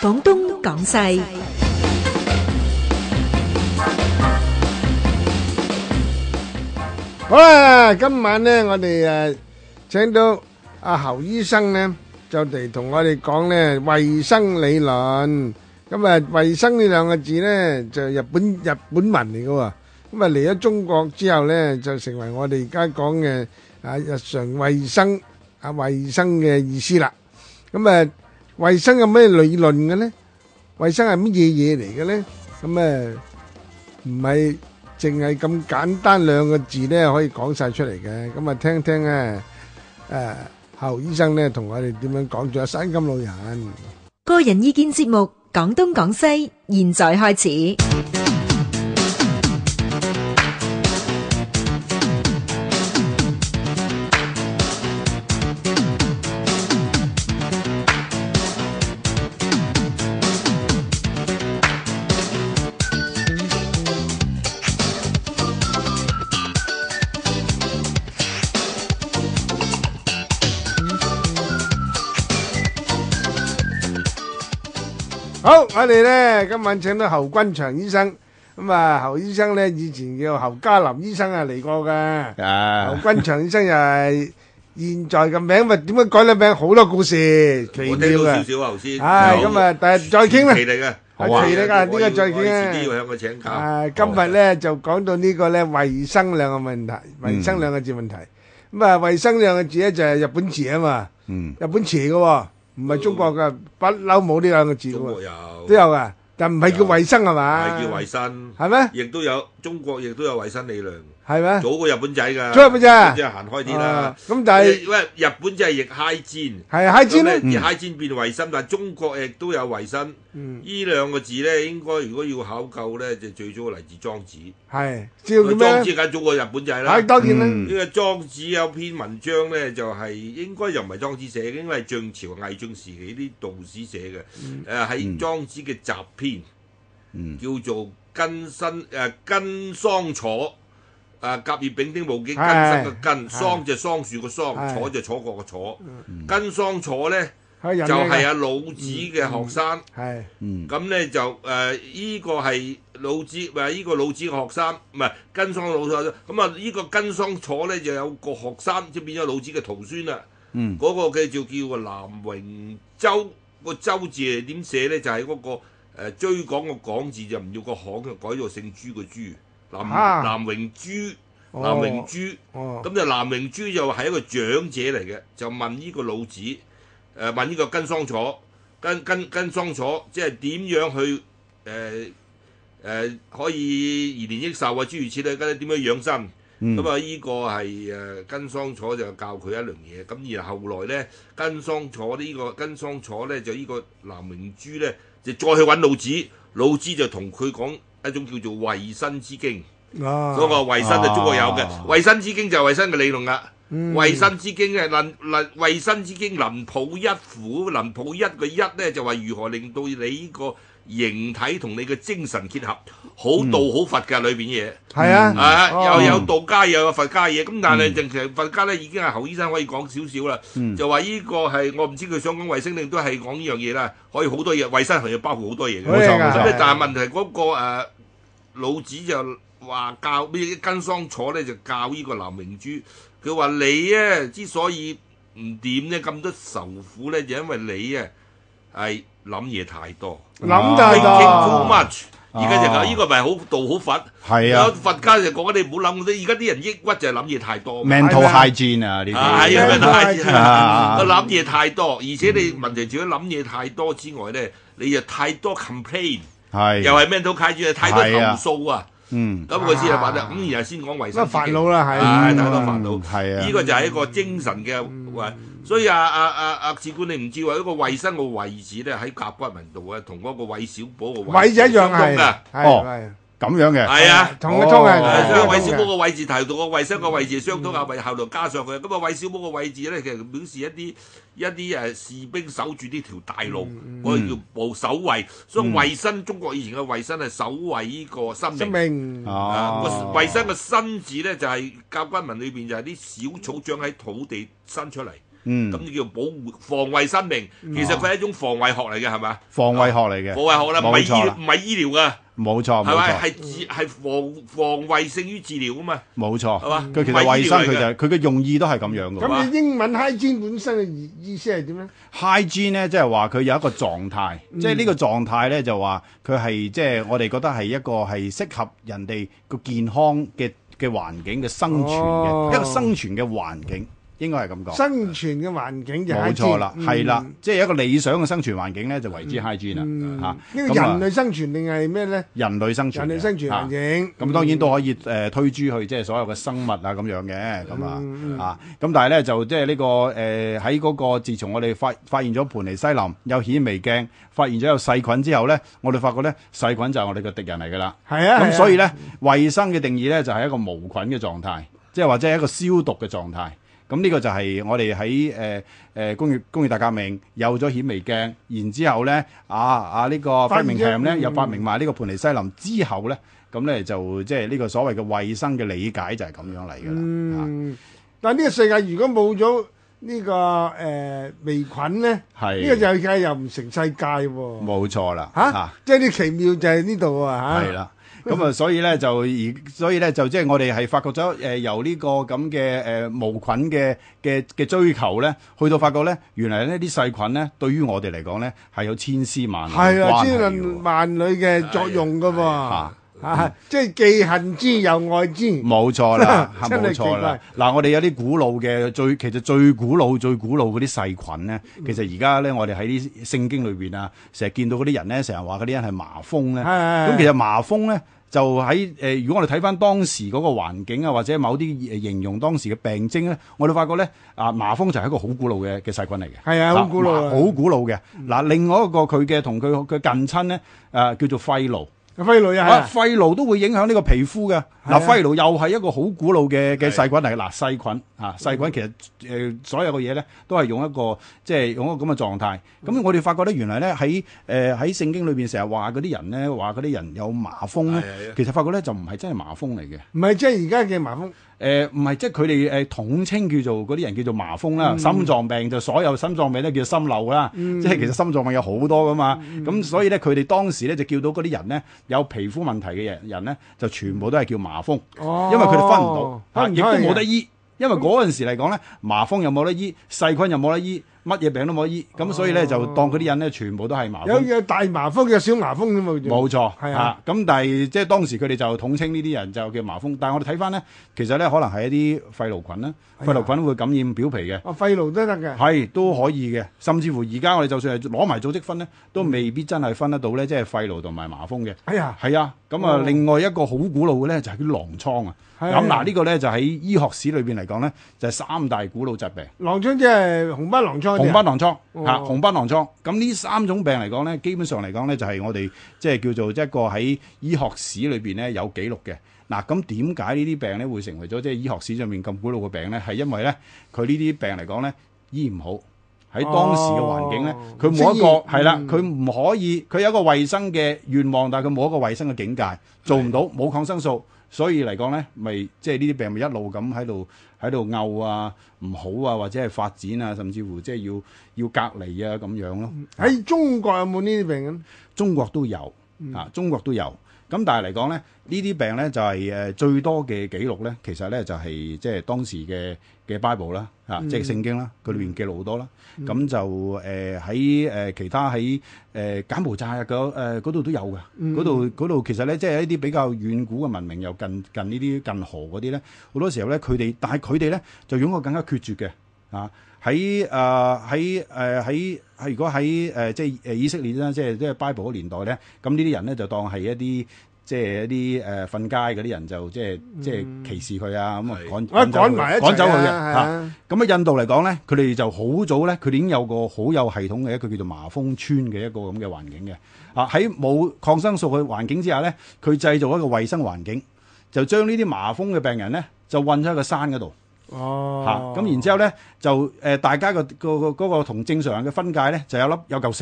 廣東講細，好啦！今晚咧，我哋誒請到阿侯醫生咧，就嚟同我哋講咧衛生理論。咁啊，衛生呢兩個字咧，就日本日本文嚟噶。咁啊，嚟咗中國之後咧，就成為我哋而家講嘅啊日常衛生啊衛生嘅意思啦。咁啊。衛生有咩理論嘅呢？衛生係乜嘢嘢嚟嘅呢？咁誒，唔係淨係咁簡單兩個字咧，可以講晒出嚟嘅。咁啊，聽聽誒誒，侯醫生咧，同我哋點樣講咗。山、啊、金老人個人意見節目，講東講西，現在開始。好，我哋咧今晚請到侯鈞翔醫生，咁啊侯醫生咧以前叫侯家林醫生啊嚟過嘅，侯鈞翔醫生又係現在嘅名，咪點解改咗名？好多故事，奇妙啊！我聽到少少啊，頭先。係咁啊，第日再傾啦。奇嚟嘅，奇嚟噶，呢個再傾啊。自己要向佢請教。誒，今日咧就講到呢個咧衛生兩個問題，衛生兩個字問題。咁啊，衛生兩個字咧就係日本詞啊嘛，嗯，日本詞嘅。唔係中國嘅，不嬲冇呢兩個字，中國有，都有嘅，但唔係叫衞生，係咪？唔係叫衞生，係咩？亦都有中國，亦都有衞生理論。係咩？早過日本仔噶，日本仔，日本仔行開啲啦。咁但係喂，日本仔係、啊、逆階戰，係階戰啦。逆階戰變衞生，但係中國亦都有衞生，嗯。呢依兩個字咧，應該如果要考究咧，就最早嚟自莊子。係，仲莊子梗係早過日本仔啦。當然啦，呢、嗯、個莊子有篇文章咧，就係、是、應該又唔係莊子寫，應該係晉朝魏晉時期啲道士寫嘅。誒、嗯，喺、啊、莊子嘅雜篇，叫做庚生誒庚桑楚。啊，甲乙丙丁戊己庚，庚，辛嘅庚，桑就桑樹嘅桑是是，楚就楚國嘅楚，庚、嗯、桑楚咧就係、是、阿、啊、老子嘅學生。係、嗯，咁、嗯、咧、嗯嗯、就誒，依、呃這個係老子，唔係依、這個老子嘅學生，唔係庚桑老咁啊，依、嗯這個庚桑楚咧就有個學生，即係變咗老子嘅徒孫啦。嗯，嗰、那個嘅就叫南榮州，個州字點寫咧？就係、是、嗰、那個、呃、追講個講字就唔要個巷，就個行改做姓朱嘅朱。南南榮趎，南榮趎，咁、哦、就南榮趎就係一個長者嚟嘅，就問呢個老子，誒、呃、問呢個庚桑楚，庚庚庚桑楚，即係點樣去誒誒、呃呃、可以延年益壽啊？諸如此類，咁咧點樣養生？咁啊呢個係誒、呃、庚桑楚就教佢一輪嘢。咁而後來咧、這個，庚桑楚呢個庚桑楚咧就呢個南榮趎咧就再去揾老子，老子就同佢講。一種叫做《衞生之經》啊，嗰、那個衞生就中國有嘅，啊《衞生，生，、嗯、生之經》就係衞生嘅理論啊，《衞生之經》係臨臨《衞生之經》林抱一府林抱一個一咧，就話如何令到你依、這個。形體同你嘅精神結合，好道好佛嘅裏、嗯、面嘢，係、嗯、啊，啊、嗯、又有道家、嗯、又有佛家嘢，咁、嗯、但係正常佛家咧已經係，侯醫生可以講少少啦，就話依個係我唔知佢想講衛生定都係講呢樣嘢啦，可以好多嘢，衛生係要包括好多嘢。嘅。冇錯，但係問題嗰、那個老子就話教咩根桑楚咧就教依個劉明珠，佢話你咧之所以唔掂咧咁多仇苦咧，就因為你啊。係諗嘢太多，諗、啊啊、too much、是、啦。而、啊、家就係、是、依、這個咪好道好佛，係啊有佛家就講你唔好諗嗰，而家啲人抑鬱就係諗嘢太多。mental hygiene 啊呢啲，係啊，mental hygiene 諗嘢、啊啊、太多，而且你問題除咗諗嘢太多之外咧，你就太多 complain，係、嗯、又係 mental hygiene、啊、太多投訴啊。嗯，咁、嗯、佢、啊、先嚟講啦，咁而家先講衛生，得煩惱啦，係、啊、係、嗯、太多煩惱，係、嗯、啊，依、嗯啊這個就係一個精神嘅話。嗯啊所以啊啊啊啊！自古你唔知喎、啊，一個衛生嘅位置咧，喺甲骨文度啊，同嗰個韋小寶嘅位，位置一樣啊，哦，咁樣嘅，係啊，相同嘅，所以韋小寶嘅位置提到個衛生嘅位置相通啊，為、嗯、後代加上去。咁、嗯、啊，韋、嗯那個、小寶嘅位置咧，其實表示一啲一啲誒、啊、士兵守住呢條大路，我、嗯、哋、那個、叫部守衛、嗯，所以衛生、嗯，中國以前嘅衛生係守衛呢個生命，衛生嘅、啊哦啊、生字咧，就係、是、甲骨文裏邊就係啲小草長喺土地生出嚟。嗯，咁叫保護防衛生命，其實佢係一種防衛學嚟嘅，係、嗯、嘛？防衛學嚟嘅，防衛學啦，唔係醫唔係醫療㗎。冇錯係咪？係、嗯、防防衞勝於治療啊嘛。冇錯係嘛？佢、嗯、其實衛生佢就係佢嘅用意都係咁樣㗎。咁、嗯、你英文 hygiene 本身嘅意思係點咧？hygiene 咧即係話佢有一個狀態，即係呢個狀態咧就話佢係即係我哋覺得係一個係適合人哋個健康嘅嘅環境嘅生存嘅、哦、一個生存嘅環境。應該係咁講，生存嘅環境、嗯、就冇錯啦，係啦，即係一個理想嘅生存環境咧，就為之 Hygiene 啦嚇。呢、嗯嗯啊、人類生存定係咩咧？人類生存，人類生存環境咁當然都可以、呃、推諸去，即、就、係、是、所有嘅生物啊咁樣嘅咁、嗯、啊咁、嗯啊、但係咧就即係呢個誒喺嗰個，自從我哋發發現咗盤尼西林，有顯微鏡發現咗有細菌之後咧，我哋發覺咧細菌就係我哋嘅敵人嚟噶啦。啊，咁所以咧衛生嘅定義咧就係、是、一個無菌嘅狀態，即係或者係一個消毒嘅狀態。咁呢個就係我哋喺誒誒工業工業大革命有咗顯微鏡，然之後咧啊啊、這個、呢個、嗯、發明鉗咧，又發明埋呢個盤尼西林之後咧，咁咧就即係呢個所謂嘅衛生嘅理解就係咁樣嚟嘅啦。嗯、啊、但係呢個世界如果冇咗呢個誒、呃、微菌咧，係呢、這個世界又唔成世界喎、啊。冇錯啦、吓、啊啊，即係啲奇妙就喺呢度啊、吓、啊。咁、嗯、啊、嗯，所以咧就而，所以咧就即係我哋係發覺咗誒、呃，由呢個咁嘅誒無菌嘅嘅嘅追求咧，去到發覺咧，原來呢啲細菌咧對於我哋嚟講咧係有千絲萬縷嘅關係喎，啊，千絲萬縷嘅、啊、作用噶噃、啊。啊、即係既恨之又愛之，冇錯啦，冇錯啦。嗱，我哋有啲古老嘅，最其實最古老、最古老嗰啲細菌咧，其實而家咧，我哋喺啲聖經裏邊啊，成日見到嗰啲人咧，成日話嗰啲人係麻風咧。咁其實麻風咧，就喺誒、呃，如果我哋睇翻當時嗰個環境啊，或者某啲形容當時嘅病徵咧，我哋發覺咧，啊，麻風就係一個好古老嘅嘅細菌嚟嘅。係啊，好古老，好古老嘅。嗱、嗯，另外一個佢嘅同佢佢近親呢，誒、呃，叫做肺癆。肺癆啊，肺癆都會影響呢個皮膚嘅。嗱、啊，肺、啊、癆又係一個好古老嘅嘅細菌嚟。嗱、啊，細菌。啊細菌其實、呃、所有嘅嘢咧都係用一個即係用一個咁嘅狀態。咁我哋發覺咧，原來咧喺喺聖經裏面成日話嗰啲人咧話嗰啲人有麻風咧，其實發覺咧就唔係真係麻風嚟嘅。唔係即係而家嘅麻風誒，唔係即係佢哋誒統稱叫做嗰啲人叫做麻風啦、嗯。心臟病就所有心臟病咧叫做心漏啦、嗯。即係其實心臟病有好多噶嘛。咁、嗯、所以咧佢哋當時咧就叫到嗰啲人咧有皮膚問題嘅人人咧就全部都係叫麻風。哦，因為佢哋分唔到，亦、啊、都冇得醫。啊因為嗰陣時嚟講咧，麻風又冇得醫，細菌又冇得醫，乜嘢病都冇得醫，咁、哦、所以咧就當嗰啲人咧全部都係麻風。有大麻風，有小麻風咁，冇錯，係啊。咁但係即係當時佢哋就統稱呢啲人就叫麻風。但係我哋睇翻咧，其實咧可能係一啲肺癆菌啦，肺癆菌會感染表皮嘅。啊、哎哦，肺癆都得嘅。係都可以嘅，甚至乎而家我哋就算係攞埋組織分咧，都未必真係分得到咧，即、就、係、是、肺癆同埋麻風嘅。哎啊，係啊，咁、嗯、啊、嗯，另外一個好古老嘅咧就係啲狼瘡啊。咁嗱，個呢個咧就喺醫學史裏面嚟講咧，就係、係、三大古老疾病。狼瘡即係紅斑狼瘡，哦、紅斑狼瘡，紅斑狼瘡。咁呢三種病嚟講咧，基本上嚟講咧，就係我哋即係叫做一個喺醫學史裏面咧有記錄嘅。嗱，咁點解呢啲病咧會成為咗即係醫學史上面咁古老嘅病咧？係因為咧，佢呢啲病嚟講咧醫唔好，喺當時嘅環境咧，佢、哦、冇一個係啦，佢、嗯、唔可以，佢有一個衞生嘅願望，但佢冇一個衞生嘅境界，做唔到，冇抗生素。所以嚟講咧，咪即係呢啲病咪一路咁喺度喺度拗啊，唔好啊，或者係發展啊，甚至乎即係要要隔離啊咁樣咯。喺、嗯、中國有冇呢啲病咧？中國都有啊，中國都有。咁但係嚟講咧，呢啲病咧就係誒最多嘅記錄咧，其實咧就係即係當時嘅嘅 Bible 啦，嚇，即係聖經啦，佢裏面記錄好多啦。咁就誒喺誒其他喺誒柬埔寨嗰誒嗰度都有嘅，嗰度嗰度其實咧即係一啲比較遠古嘅文明，又近近呢啲近河嗰啲咧，好多時候咧佢哋，但係佢哋咧就擁有更加決絕嘅嚇。喺啊喺誒喺係如果喺誒、呃、即係誒以色列啦，即係即係 Bible 嗰年代咧，咁呢啲人咧就當係一啲即係一啲誒瞓街嗰啲人，就即係即係歧視佢啊咁啊趕趕走佢嘅嚇。咁啊，啊，啊印度嚟講咧，佢哋就好早咧，佢哋已經有個好有系統嘅一個叫做麻風村嘅一個咁嘅環境嘅嚇。喺冇抗生素嘅環境之下咧，佢製造一個衞生環境，就將呢啲麻風嘅病人咧，就運咗去個山嗰度。哦，吓、啊，咁然之後咧，就誒、呃、大家、嗰個、嗰個、嗰個同、嗰個嗰個嗰個、正常人嘅分界咧，就有粒有嚿石。